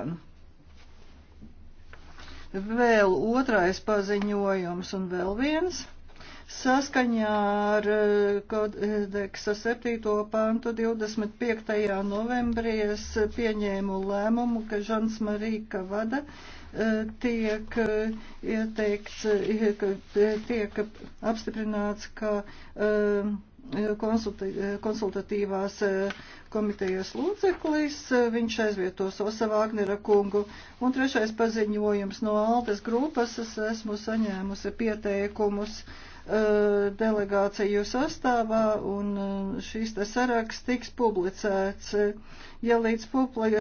Štonu. Vēl otrais paziņojums un vēl viens. Saskaņā ar eh, kodeksa 7. pantu 25. novembrī es pieņēmu lēmumu, ka Žans Marīka vada eh, tiek eh, ieteikts, tiek apstiprināts, ka konsultatīvās komitejas lūdzeklis, viņš aizvietos Osa Vāgnera kungu. Un trešais paziņojums no Altes grupas, es esmu saņēmusi pieteikumus Eh, delegāciju sastāvā, un eh, šīs te saraksts tiks publicēts. Ja līdz publika